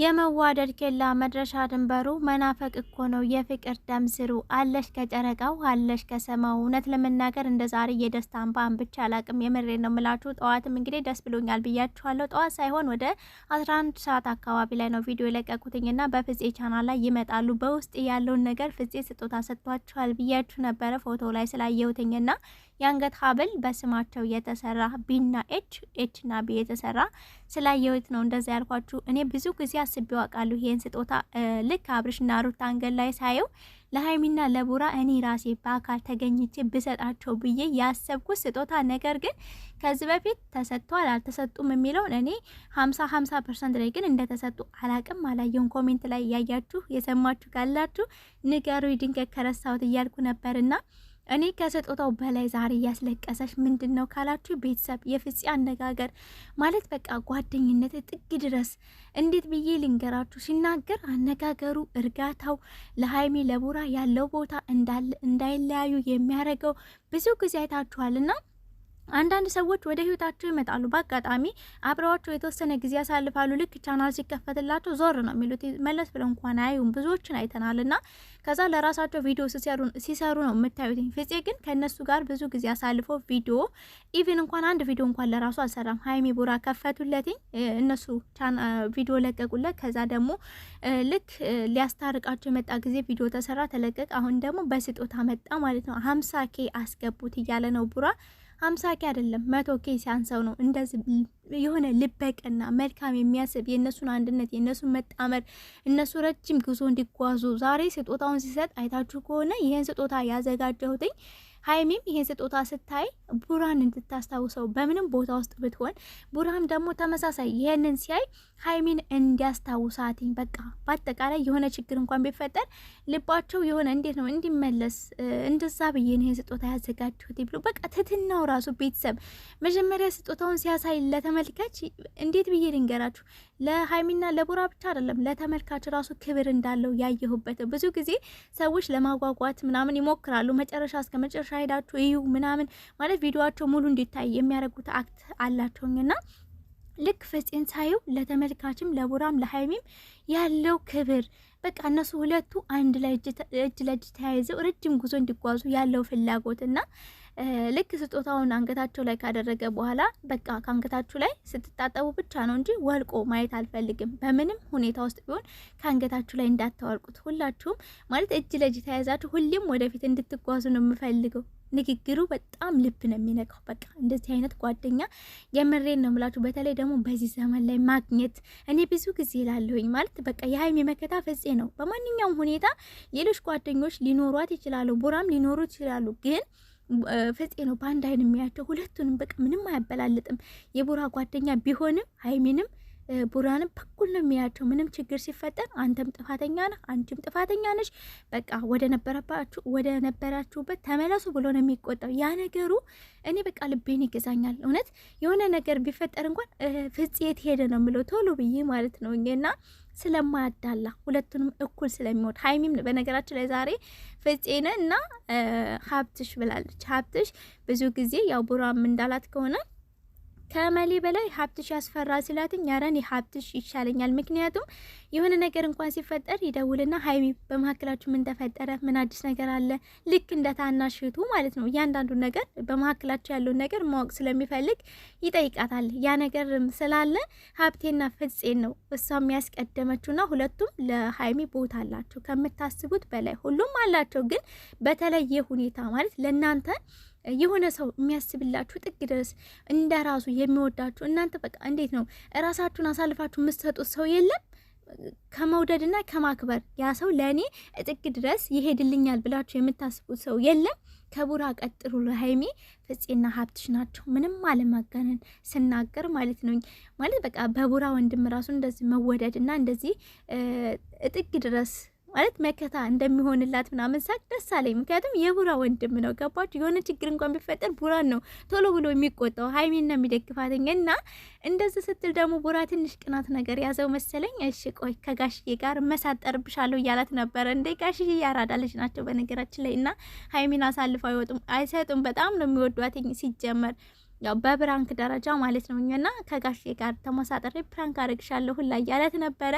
የመዋደድ ኬላ መድረሻ ድንበሩ መናፈቅ እኮ ነው። የፍቅር ደም ስሩ አለሽ ከጨረቃው አለሽ ከሰማው። እውነት ለመናገር እንደ ዛሬ የደስታ አንባን ብቻ አላቅም። የምሬ ነው ምላችሁ። ጠዋትም እንግዲህ ደስ ብሎኛል ብያችኋለሁ። ጠዋት ሳይሆን ወደ 11 ሰዓት አካባቢ ላይ ነው ቪዲዮ የለቀቁትኝና በፍፄ ቻናል ላይ ይመጣሉ። በውስጥ ያለውን ነገር ፍፄ ስጦታ ሰጥቷችኋል ብያችሁ ነበረ ፎቶ ላይ ስላየሁትኝና የአንገት ሀብል በስማቸው የተሰራ ቢና ኤች ና ቢ የተሰራ ስላየሁት ነው እንደዛ ያልኳችሁ። እኔ ብዙ ጊዜ አስቤ አውቃለሁ ይሄን ስጦታ ልክ አብርሽና ሩታ አንገል ላይ ሳየው ለሀይሚና ለቡራ እኔ ራሴ በአካል ተገኝቼ ብሰጣቸው ብዬ ያሰብኩት ስጦታ ነገር ግን ከዚህ በፊት ተሰጥቷል አልተሰጡም የሚለውን እኔ ሀምሳ ሀምሳ ፐርሰንት ላይ ግን እንደተሰጡ አላቅም አላየውን። ኮሜንት ላይ እያያችሁ የሰማችሁ ካላችሁ ንገሩ ድንገት ከረሳሁት እያልኩ ነበርና እኔ ከስጦታው በላይ ዛሬ እያስለቀሰች ምንድን ነው ካላችሁ ቤተሰብ የፍፄ አነጋገር ማለት በቃ ጓደኝነት ጥግ ድረስ እንዴት ብዬ ልንገራችሁ። ሲናገር አነጋገሩ፣ እርጋታው ለሀይሚ ለቡራ ያለው ቦታ እንዳይለያዩ የሚያደርገው ብዙ ጊዜ አይታችኋልና አንዳንድ ሰዎች ወደ ህይወታቸው ይመጣሉ። በአጋጣሚ አብረዋቸው የተወሰነ ጊዜ ያሳልፋሉ። ልክ ቻናል ሲከፈትላቸው ዞር ነው የሚሉት፣ መለስ ብለው እንኳን አያዩም። ብዙዎችን አይተናል እና ከዛ ለራሳቸው ቪዲዮ ሲሰሩ ነው የምታዩት። ፍፄ ግን ከእነሱ ጋር ብዙ ጊዜ አሳልፎ ቪዲዮ ኢቭን እንኳን አንድ ቪዲዮ እንኳን ለራሱ አልሰራም። ሀይሚ ቡራ ከፈቱለትኝ እነሱ ቪዲዮ ለቀቁለት። ከዛ ደግሞ ልክ ሊያስታርቃቸው የመጣ ጊዜ ቪዲዮ ተሰራ፣ ተለቀቅ። አሁን ደግሞ በስጦታ መጣ ማለት ነው። ሀምሳ ኬ አስገቡት እያለ ነው ቡራ ሀምሳ ኬ አይደለም መቶ ኬ ሲያንሰው ነው እንደዚህ የሆነ ልበቅና መልካም የሚያስብ የእነሱን አንድነት የእነሱን መጣመር እነሱ ረጅም ጉዞ እንዲጓዙ ዛሬ ስጦታውን ሲሰጥ አይታችሁ ከሆነ ይህን ስጦታ ያዘጋጀሁትኝ ሀይሚም ይሄን ስጦታ ስታይ ቡራን እንድታስታውሰው በምንም ቦታ ውስጥ ብትሆን፣ ቡራም ደግሞ ተመሳሳይ ይሄንን ሲያይ ሀይሚን እንዲያስታውሳትኝ በቃ በአጠቃላይ የሆነ ችግር እንኳን ቢፈጠር ልባቸው የሆነ እንዴት ነው እንዲመለስ እንደዛ ብዬ ነው ይሄን ስጦታ ያዘጋጅሁት ብሎ በቃ ትትናው ራሱ ቤተሰብ መጀመሪያ ስጦታውን ሲያሳይ ለተመልካች እንዴት ብዬ ልንገራችሁ ለሀይሚና ለቡራ ብቻ አይደለም ለተመልካች ራሱ ክብር እንዳለው ያየሁበት ብዙ ጊዜ ሰዎች ለማጓጓት ምናምን ይሞክራሉ መጨረሻ እስከ መጨረሻ ሄዳችሁ እዩ ምናምን ማለት ቪዲዮቸው ሙሉ እንዲታይ የሚያደርጉት አክት አላቸውኝና ልክ ፍፄን ሳየው ለተመልካችም ለቡራም ለሀይሚም ያለው ክብር በቃ እነሱ ሁለቱ አንድ ላይ እጅ ለእጅ ተያይዘው ረጅም ጉዞ እንዲጓዙ ያለው ፍላጎት እና ልክ ስጦታውን አንገታቸው ላይ ካደረገ በኋላ በቃ ከአንገታችሁ ላይ ስትታጠቡ ብቻ ነው እንጂ ወልቆ ማየት አልፈልግም። በምንም ሁኔታ ውስጥ ቢሆን ከአንገታችሁ ላይ እንዳታወልቁት። ሁላችሁም ማለት እጅ ለእጅ ተያይዛችሁ ሁሌም ወደፊት እንድትጓዙ ነው የምፈልገው። ንግግሩ በጣም ልብ ነው የሚነካው። በቃ እንደዚህ አይነት ጓደኛ የምሬን ነው ምላችሁ። በተለይ ደግሞ በዚህ ዘመን ላይ ማግኘት እኔ ብዙ ጊዜ ላለሁኝ ማለት በቃ የሀይሚ መከታ ፈጼ ነው። በማንኛውም ሁኔታ ሌሎች ጓደኞች ሊኖሯት ይችላሉ፣ ቡራም ሊኖሩ ይችላሉ ግን ፍፄ ነው በአንድ አይን የሚያቸው ሁለቱንም። በቃ ምንም አያበላልጥም። የቦራ ጓደኛ ቢሆንም ሀይሚንም ቡራንም በኩል ነው የሚያቸው። ምንም ችግር ሲፈጠር አንተም ጥፋተኛ ነህ፣ አንቺም ጥፋተኛ ነች፣ በቃ ወደ ነበረባችሁ ወደ ነበራችሁበት ተመለሱ ብሎ ነው የሚቆጣው። ያ ነገሩ እኔ በቃ ልቤን ይገዛኛል። እውነት የሆነ ነገር ቢፈጠር እንኳን ፍጽ የት ሄደ ነው የምለው ቶሎ ብዬ ማለት ነው እና ስለማያዳላ ሁለቱንም እኩል ስለሚወድ ሀይሚም በነገራችን ላይ ዛሬ ፍፄነ እና ሀብትሽ ብላለች። ሀብትሽ ብዙ ጊዜ ያው ቡራም እንዳላት ከሆነ ከመሌ በላይ ሀብትሽ ያስፈራ ስላትኝ ያረን የሀብትሽ ይሻለኛል። ምክንያቱም የሆነ ነገር እንኳን ሲፈጠር ይደውልና ሀይሚ በመካከላችሁ ምን ተፈጠረ? ምን አዲስ ነገር አለ? ልክ እንደ ታናሽቱ ማለት ነው። እያንዳንዱ ነገር በመካከላችሁ ያለውን ነገር ማወቅ ስለሚፈልግ ይጠይቃታል። ያ ነገር ስላለ ሀብቴና ፍጼን ነው እሷ የሚያስቀደመችውና ሁለቱም ለሀይሚ ቦታ አላቸው ከምታስቡት በላይ ሁሉም አላቸው። ግን በተለየ ሁኔታ ማለት ለእናንተ የሆነ ሰው የሚያስብላችሁ ጥግ ድረስ እንደ ራሱ የሚወዳችሁ እናንተ በቃ እንዴት ነው እራሳችሁን አሳልፋችሁ የምትሰጡት ሰው የለም። ከመውደድና ከማክበር ያ ሰው ለእኔ ጥግ ድረስ ይሄድልኛል ብላችሁ የምታስቡት ሰው የለም። ከቡራ ቀጥሩ ለሀይሜ ፍፄና ሀብትሽ ናቸው። ምንም አለማጋነን ስናገር ማለት ነው። ማለት በቃ በቡራ ወንድም ራሱ እንደዚህ መወደድ እና እንደዚህ ጥግ ድረስ ማለት መከታ እንደሚሆንላት ምናምን ሳቅ ደስ አለኝ። ምክንያቱም የቡራ ወንድም ነው ገባች። የሆነ ችግር እንኳን ቢፈጠር ቡራን ነው ቶሎ ብሎ የሚቆጣው ሀይሚን ነው የሚደግፋትኝ። እና እንደዚህ ስትል ደግሞ ቡራ ትንሽ ቅናት ነገር ያዘው መሰለኝ። እሺ ቆይ ከጋሽዬ ጋር መሳጠርብሻለሁ እያላት ነበረ። እንደ ጋሽዬ ያራዳ ልጅ ናቸው በነገራችን ላይ እና ሀይሚን አሳልፈው አይወጡም አይሰጡም። በጣም ነው የሚወዷትኝ ሲጀመር ያው በብራንክ ደረጃ ማለት ነው። እና ከጋሽዬ ጋር ተመሳጠሪ ፕራንክ አረግሻለሁ ሁላ እያለት ነበረ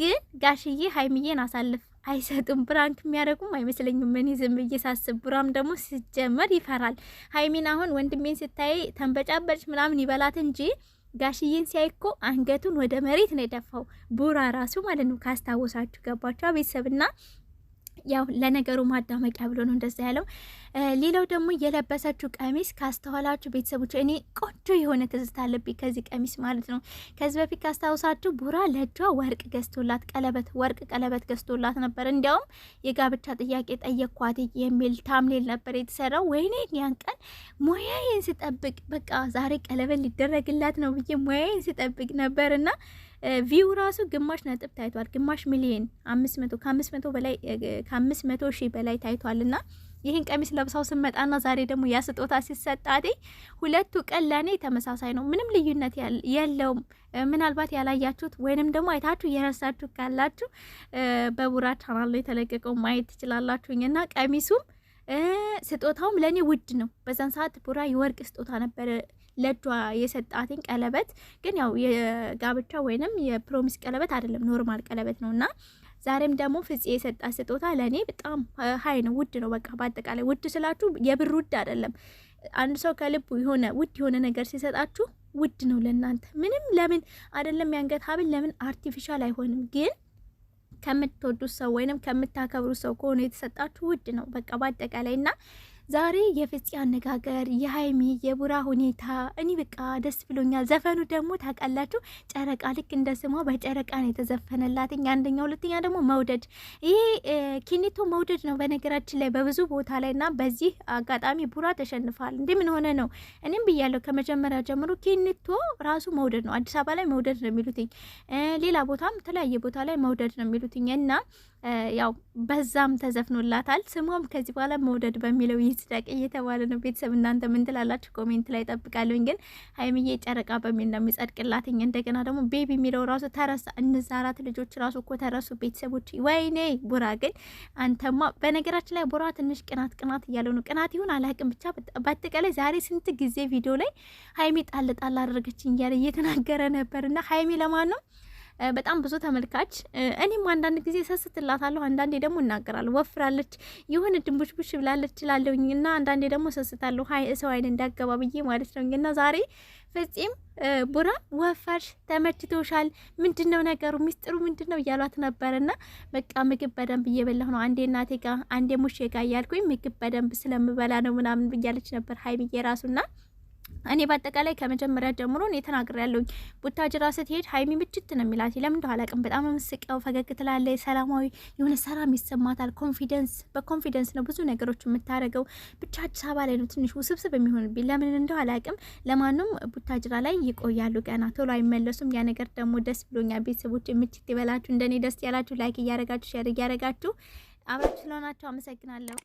ግን ጋሽዬ ሀይሚዬን አሳልፍ አይሰጡም። ብራንክ የሚያደርጉም አይመስለኝም። እኔ ዝም ብዬ ሳስብ ቡራም ደግሞ ሲጀመር ይፈራል። ሀይሚን አሁን ወንድሜን ስታይ ተንበጫበጭ ምናምን ይበላት እንጂ ጋሽዬን ሲያይኮ አንገቱን ወደ መሬት ነው የደፋው ቡራ ራሱ ማለት ነው። ካስታወሳችሁ ገባችሁ ቤተሰብና ያው ለነገሩ ማዳመቂያ ብሎ ነው እንደዛ ያለው። ሌላው ደግሞ የለበሰችው ቀሚስ ካስተዋላችሁ ቤተሰቦች፣ እኔ ቆንጆ የሆነ ትዝታ አለብኝ ከዚህ ቀሚስ ማለት ነው። ከዚህ በፊት ካስታውሳችሁ ቡራ ለእጇ ወርቅ ገዝቶላት ቀለበት ወርቅ ቀለበት ገዝቶላት ነበር። እንዲያውም የጋብቻ ጥያቄ ጠየኳት የሚል ታምሌል ነበር የተሰራው። ወይኔ ያን ቀን ሙያዬን ስጠብቅ በቃ ዛሬ ቀለበት ሊደረግላት ነው ብዬ ሙያዬን ስጠብቅ ነበርና ቪው ራሱ ግማሽ ነጥብ ታይቷል። ግማሽ ሚሊየን አምስት መቶ ከአምስት መቶ በላይ ከአምስት መቶ ሺህ በላይ ታይቷል እና ይህን ቀሚስ ለብሳው ስመጣና ዛሬ ደግሞ ያ ስጦታ ሲሰጣት ሁለቱ ቀን ለእኔ ተመሳሳይ ነው። ምንም ልዩነት የለውም። ምናልባት ያላያችሁት ወይንም ደግሞ አይታችሁ የረሳችሁ ካላችሁ በቡራ ቻናል ላይ የተለቀቀው ማየት ትችላላችሁኝ እና ቀሚሱም ስጦታውም ለእኔ ውድ ነው። በዛን ሰዓት ቡራ የወርቅ ስጦታ ነበር። ለእጇ የሰጣትን ቀለበት ግን ያው የጋብቻ ወይንም የፕሮሚስ ቀለበት አይደለም፣ ኖርማል ቀለበት ነው እና ዛሬም ደግሞ ፍፄ የሰጣት ስጦታ ለእኔ በጣም ሀይ ነው፣ ውድ ነው። በቃ በአጠቃላይ ውድ ስላችሁ የብር ውድ አይደለም። አንድ ሰው ከልቡ የሆነ ውድ የሆነ ነገር ሲሰጣችሁ ውድ ነው ለእናንተ ምንም። ለምን አይደለም የአንገት ሀብል ለምን አርቲፊሻል አይሆንም ግን ከምትወዱት ሰው ወይንም ከምታከብሩት ሰው ከሆነ የተሰጣችሁ ውድ ነው በቃ በአጠቃላይ እና ዛሬ የፍፄ አነጋገር፣ የሀይሚ የቡራ ሁኔታ እኔ በቃ ደስ ብሎኛል። ዘፈኑ ደግሞ ታውቃላችሁ፣ ጨረቃ ልክ እንደ ስሟ በጨረቃ ነው የተዘፈነላት። አንደኛ፣ ሁለተኛ ደግሞ መውደድ። ይሄ ኪኒቶ መውደድ ነው በነገራችን ላይ በብዙ ቦታ ላይ እና በዚህ አጋጣሚ ቡራ ተሸንፏል። እንዴ ምን ሆነ ነው? እኔም ብያለሁ ከመጀመሪያ ጀምሮ ኪኒቶ ራሱ መውደድ ነው። አዲስ አበባ ላይ መውደድ ነው የሚሉትኝ፣ ሌላ ቦታም የተለያየ ቦታ ላይ መውደድ ነው የሚሉትኝ እና ያው በዛም ተዘፍኖላታል። ስሟም ከዚህ በኋላ መውደድ በሚለው ይጽደቅ እየተባለ ነው። ቤተሰብ እናንተ ምን ትላላችሁ? ኮሜንት ላይ ጠብቃለሁኝ። ግን ሀይሚዬ ጨረቃ በሚል ነው የሚጸድቅላትኝ። እንደገና ደግሞ ቤቢ የሚለው ራሱ ተረሳ። እነዛ አራት ልጆች ራሱ እኮ ተረሱ። ቤተሰቦች ወይኔ ቡራ ግን አንተማ። በነገራችን ላይ ቡራ ትንሽ ቅናት ቅናት እያለው ነው። ቅናት ይሁን አላቅም፣ ብቻ በአጠቃላይ ዛሬ ስንት ጊዜ ቪዲዮ ላይ ሀይሚ ጣል ጣል አደረገችኝ እያለ እየተናገረ ነበር እና ሀይሚ ለማን ነው በጣም ብዙ ተመልካች እኔም አንዳንድ ጊዜ ሰስትላታለሁ፣ አንዳንዴ ደግሞ እናገራለሁ። ወፍራለች፣ የሆነ ድንቡሽቡሽ ብላለች እላለሁኝ እና አንዳንዴ ደግሞ ሰስታለሁ። ሀይ ሰው አይን እንዳገባ ብዬ ማለት ነው እና ዛሬ ፍጹም ቡራ ወፈርሽ፣ ተመችቶሻል፣ ምንድን ነው ነገሩ፣ ሚስጥሩ ምንድን ነው እያሏት ና በቃ ምግብ በደንብ እየበላሁ ነው፣ አንዴ እናቴ ጋ አንዴ ሙሽ ጋ እያልኩኝ ምግብ በደንብ ስለምበላ ነው ምናምን ብያለች ነበር ሀይ ብዬ ና እኔ በአጠቃላይ ከመጀመሪያ ጀምሮ እኔ ተናግሬያለሁኝ። ቡታጅራ ስትሄድ ሀይሚ ምችት ነው የሚላት። ለምን እንደሆነ አላውቅም። በጣም የምስቀው ፈገግ ትላለ፣ ሰላማዊ የሆነ ሰላም ይሰማታል። ኮንፊደንስ በኮንፊደንስ ነው ብዙ ነገሮች የምታደርገው። ብቻ አዲስ አበባ ላይ ነው ትንሽ ውስብስብ የሚሆንብኝ። ለምን እንደሆነ አላውቅም። ለማንም ቡታጅራ ላይ ይቆያሉ። ገና ቶሎ አይመለሱም። ያ ነገር ደግሞ ደስ ብሎኛል። ቤተሰቦች ምችት ይበላችሁ። እንደኔ ደስ ያላችሁ ላይክ እያረጋችሁ ሸር እያረጋችሁ አብራችሁ ስለሆናችሁ አመሰግናለሁ።